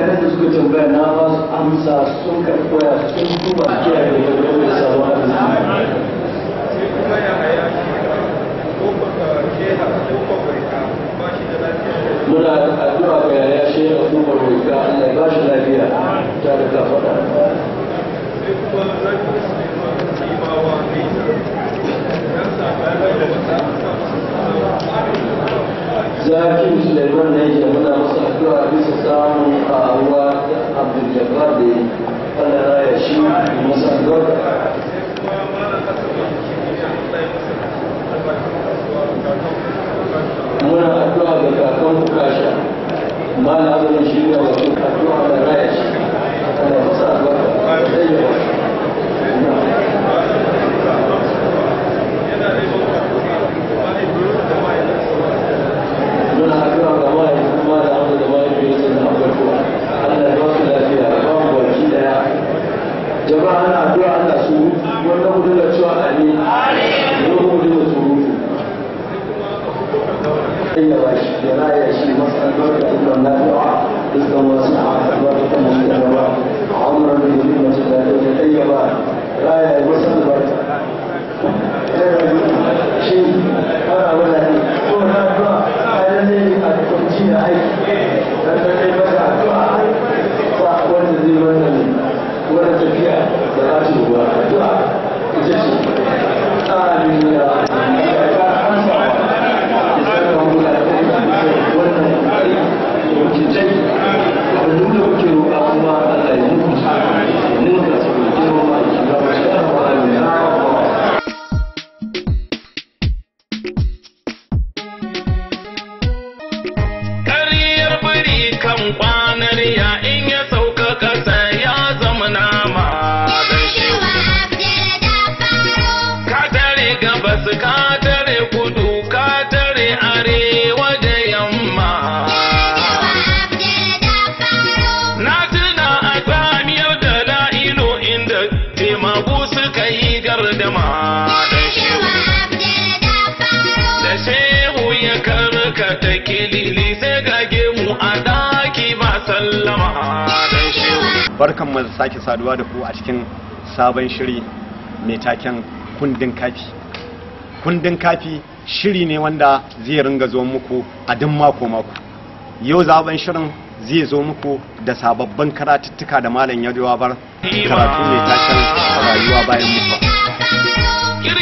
kada suka tambaya na ba su amsa sun karɓa sun kuma kiyaye da dole sawa da muna addu'a ga yaya shi a kuma roƙa Allah ya bashi lafiya ta da ta faɗa zakin Suleiman ne ya muna masa addu'a bisa samu a ruwa ta abdul-jabbar da Allah raya shi muna addu'a ga kakan kukasha ma na zuwa shi ne wato addu'a da raya shi Allah masa albarka zai yi raya yi wasu albarka shi ana kilili sai gage mu a daki ba sallama barkan mu sake saduwa da ku a cikin sabon shiri mai taken kundin kafi kundin kafi shiri ne wanda zai ringa zo muku a duk mako mako yau zaben shirin zai zo muku da sababbin karatuttuka da malam yaduwa bar karatu mai taken rayuwa bayan mutuwa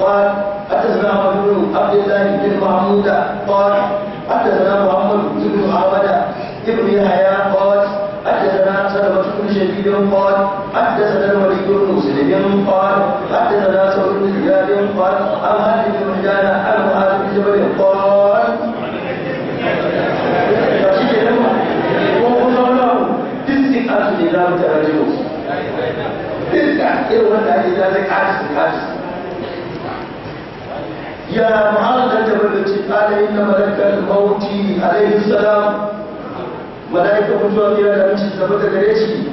قال حدثنا رجل عبد الله بن محمود قال حدثنا محمد بن عبد ابن يحيى قال حدثنا سلمة بن شديد قال حدثنا الوليد بن مسلم قال حدثنا سعود بن زياد قال أم هذه بن مجدان عن معاذ بن جبل قال تسعة لله تعالى تسعة إلى أن إذا لك عجز عجز ya ma'adar da wanda ce ala yi na malakar mawuti a laifin salam malakar mutuwa ne da ci zama da gare shi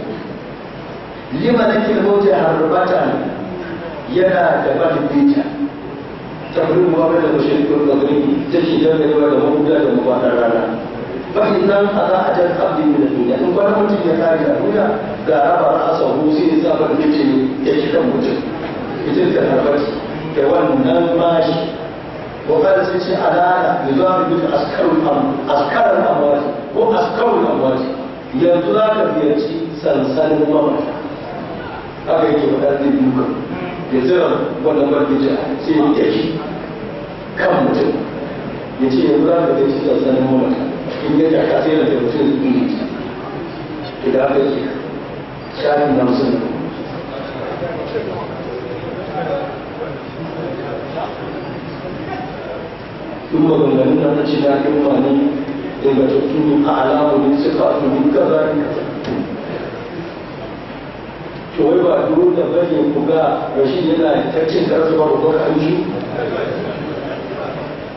yi malakar mawuti a harbata yana da ba da beja ta kuri mawa mai daga shi kuri da gari ta shi jan da yawa da mawuta da rana bakin nan a za a jan abin da duniya in kwanan mutum ya kari a duniya ga raba a sauru sai ya da ke ce ya shi mutum ita da harbaci ga wannan bashi وقال سيسي ألا يضاف يقول أسكر الأموال أسكر الأموال هو أسكر الأموال يضاف يأتي سلسل الممشى haka yake faɗa zai duka ya zira wannan barkija sai ya yake kan mutum ya ce yanzu za ka gaishe sansanin mamata in ya jaka sai yana da mutum idan yi shafin duk maganganun da na ce na himma ne ingantattu a alamu ne suka ba da bari ku ga yana taccin karfi ba ku ga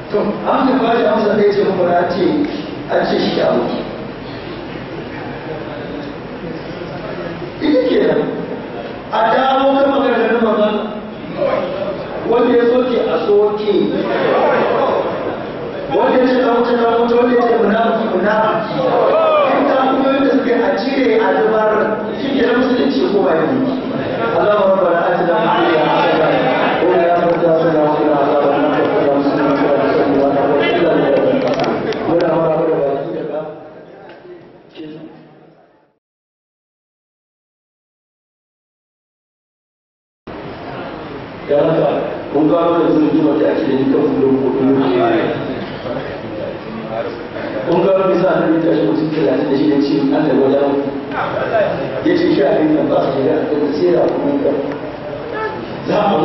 to an ba shi amsa zai ce kuma na ce an ce shi ya mutu ita ke nan a dawo ta maganganun mazan wanda ya soke a soke wanda ya shiga wuta na wuta wanda ya ce munafiki munafiki in ta kuma yadda suke a cire a zubar shi ke musulunci ko ba yi Allah wa rabbana atina fid dunya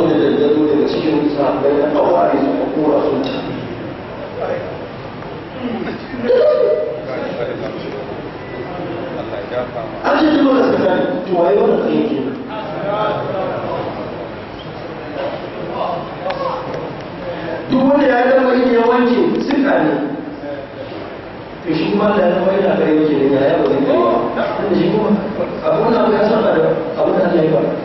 abin da zazzaro daga cikin sahabbai na kawai suka kora sun ta an ce duk wanda suka wanda yake duk wanda ya gama yin yawanci sun ne to shi kuma da yana bayyana kai yake da ya yi ba zai ba da ya saba da abun yi ba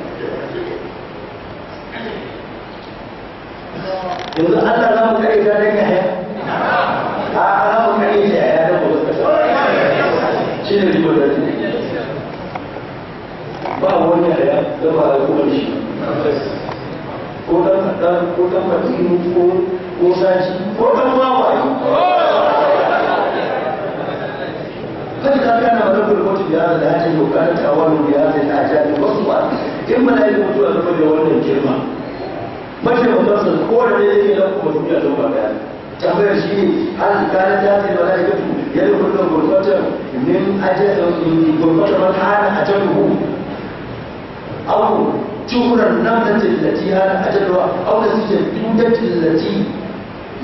yanzu Allah za mu kare ta yaya a za mu kare ta yaya da mu shi ne ribo da ba wani yaya da ba da kuma shi ko dan dan ko dan fatinu ko ko sashi ko dan wawaye فإذا كان ملك الموت بهذا الهاتف وكانت أول بهذه الآجال والصور إما لا يموت أن يكون يوم الكلمة mashi mutarsa ko da ne yake nan kuma duniya don ba daya tambayar shi ne an kana ta ce malaikatu ya yi kullum gurbata min ajalin gurbata man hana ajaluhu aw turan nan da tilati hana ajalwa aw da suke tunda tilati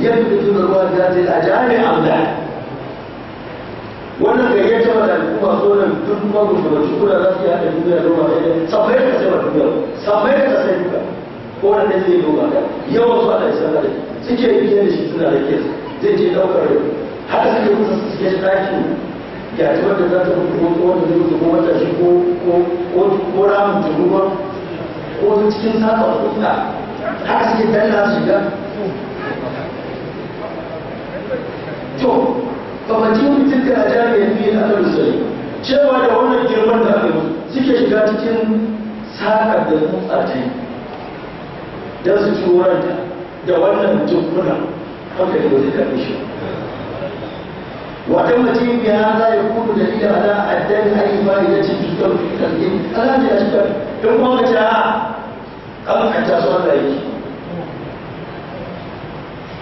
yadda tunda ruwa da zai ajali amda wannan gayyata wa al'umma so nan duk magudu da shukura za su yi haɗa duniya don ba daya sabai ka sai ba duniya sabai ka sai duniya ko wanda zai noma da yawan su ana isa da suke biye da shi suna da rike zai je yau har suke kusa su suke taki ya ci wanda za ta rubuta ko wanda zai mutu ko wata shi ko ko ramin turuwa ko su cikin sata kuɗa har suke danna su shiga to kamar kamacin dukkan ajiyar fiye na kan rusari cewa da wannan girman da aka yi suke shiga cikin sakar da tsatsatai don su turanta da wannan jumla haka yi wani karni shi wata mace biya za ya kudu da ila ala addan haifa ya ci cutar fitar yin ala da cutar don kuma mace a kan kanta su da yake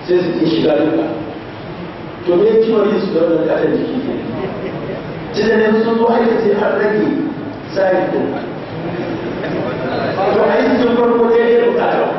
sai su ke shiga duka to me ci yin su da wannan katon jiki ne tunanin sun zo aikace har rage yi ɗin to sun farko ne ya bukatar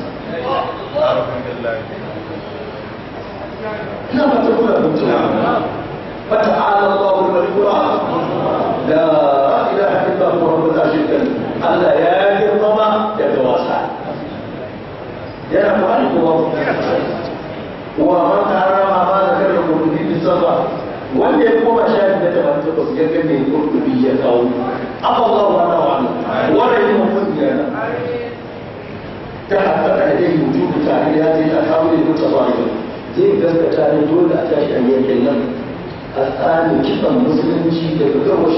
نعم تقول أنت فتعالى الله المشكورات لا إله إلا هو رب العالمين ألا يا كرمما يتوسع يا رحمن الله ومن حرم ما ذكر من دين السفر wanda ya kuma shahid da ta wata kusurkan ne kurkubi ya kawo abu Allah تحقق عليه وجود فاعل هذه الأحاول المتضاربة زي بس كان دول أتاش أن يتكلم الآن كيف المسلم شيء يتكوش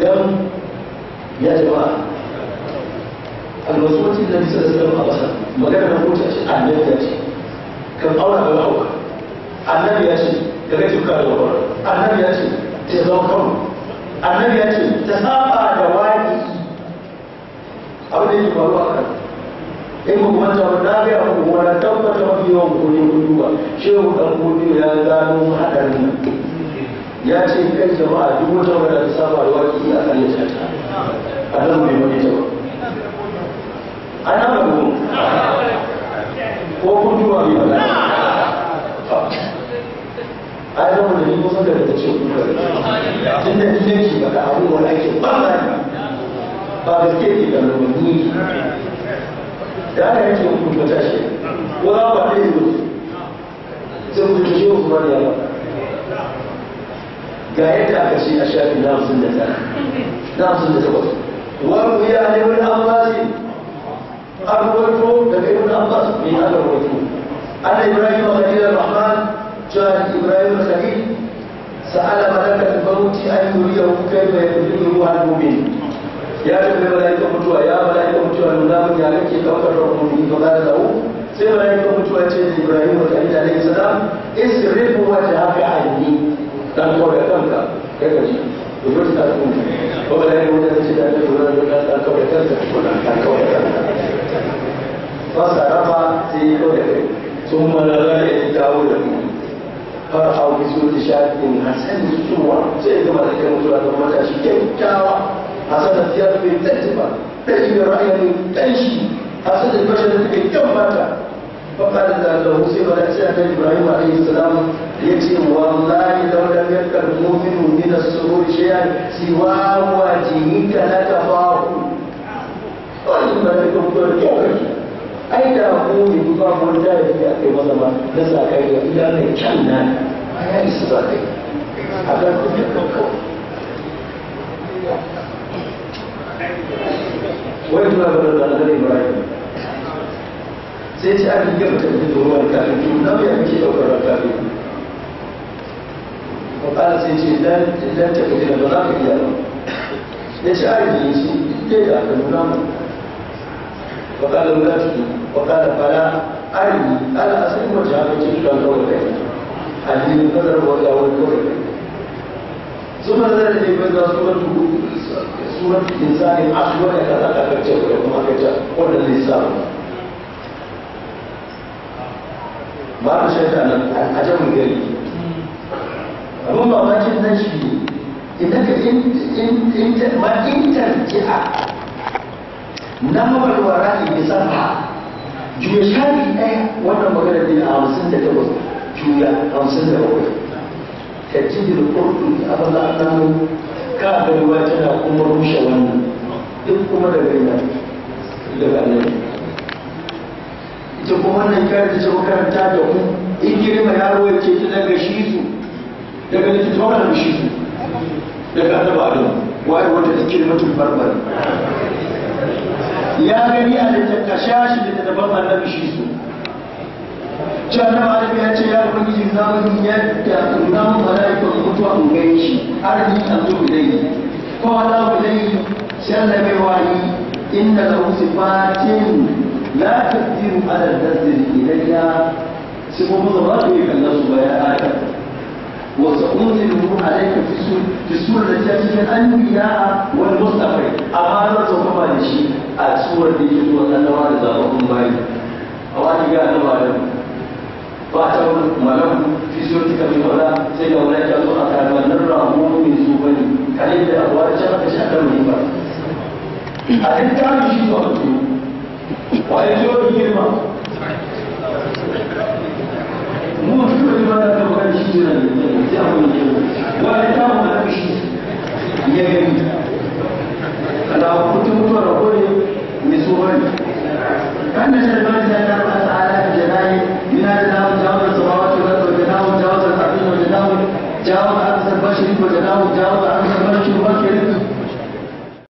دم يا جماعة الوسوس الذي سأسلم ما كان نقول تأتي عن نفسي كم أولى بالأولى annabi ya ce da kai tuka da wawar annabi ya ce ta abin da yake faruwa kan in ku kuma ta na ga ku wani tabbata mafi yi wa ne kun duba shehu dan kudu ya gano hadarin ya ce kai jama'a duk wata wanda ta saba da waki a kan ta ta a nan bai wani ta ana ba ko kun bai ai da yi kusa da ta ce ina ki ba ba ba gaske ke da rauni da ana yake hukunta tashi ko za ba ɗaya ne sai mutum shi usman ya ba ga yadda aka ce a shafi na hamsin da tara na hamsin da takwas wani ya ne wani abbasi an wato daga ibn abbas ne aka wato ana ibrahim khalil rahman jahil ibrahim khalil sa'ala malaka al-mauti an yuriyahu kayfa yudrihu al-mu'min ya tambayi mala'ikan mutuwa ya mala'ikan mutuwa nuna mun ya kake kawakar da mu'mini fa qala lahu sai mala'ikan mutuwa ce da Ibrahim wa Khalil alaihi salam isrifu wa ta'afi anni dan kawai kanka kai kaji to dole ta kuma ko mala'ikan mutuwa ce da da wa Khalil kawai kanka ko dan kawai kanka فصرف في عذره ثم نظر الى داود فرحوا بسوء شاك حسن الصور سيدنا ملك الموت ثم تشكي الدعوه hasan da siyar bai tanti ba kai da ra'ayin kanshi hasan da bashar da kai kyan mata فقال له سيما لأسئلة إبراهيم عليه السلام يتي والله لو لم يكن المؤمن من السرور شيئا سوى وجهك لكفاه wannan da ta kuma kyau ai da mu ne ku ba mu da yake a kai maza ba na sa kai da ila ne kyan nan ya isa sa kai a ga ku ta wani suna da da annabi ibrahim sai ce an gaba ta ji da kafin tun na ya ke daukar da kafin ko kala sai ce idan ta kuɗi da za ka iya ba ya ce an yi shi dai da aka nuna mu wa kala wula ciki wa da fara an yi ala asalin wajen haka ke kan kawai kai addinin kadar wa yawon kawai kai su ma zai da ne bai za su wani surat insanin asuwa da kaza ka kace ko kuma ka ce wannan lissafi ba ta shaita nan a jabin gari abin mamakin nan shi idan ka intarji'a na ra'ayi ya sama juya shafi ɗaya wannan maganar bin hamsin da takwas juya hamsin da bakwai ka ji da kurkun abin da an ka baiwa tana kuma rushe wannan duk kuma da gaina daga annabi ita kuma wannan kyar da ta makaranta da ku in girma yaro ya ce ta daga shi su daga littattafa da shi su daga annaba adam waye wata ta girma tun barbar ya gani a littattafa shi da ta daban annabi shi su cewa na malam ya ce ya ubangiji za mu yadda za mu mala'ikun mutuwa in gani har ni an zo ilai ko Allah ilai sai Allah mai wani inna lahu sifatin la taqdiru ala al-dazil ilayya sifofin da ba su yi kallon su bayan adam wasu unzilu da ta cikin anbiya wal mustafa amma na zo kuma da shi a surar da yake zuwa annabawa da zababbun bayi a wani Baca malam fizur tiga minggu a mereka tu akan menerima mumi zubani. Kali ini awak cakap macam mana? Ada yang tahu juga.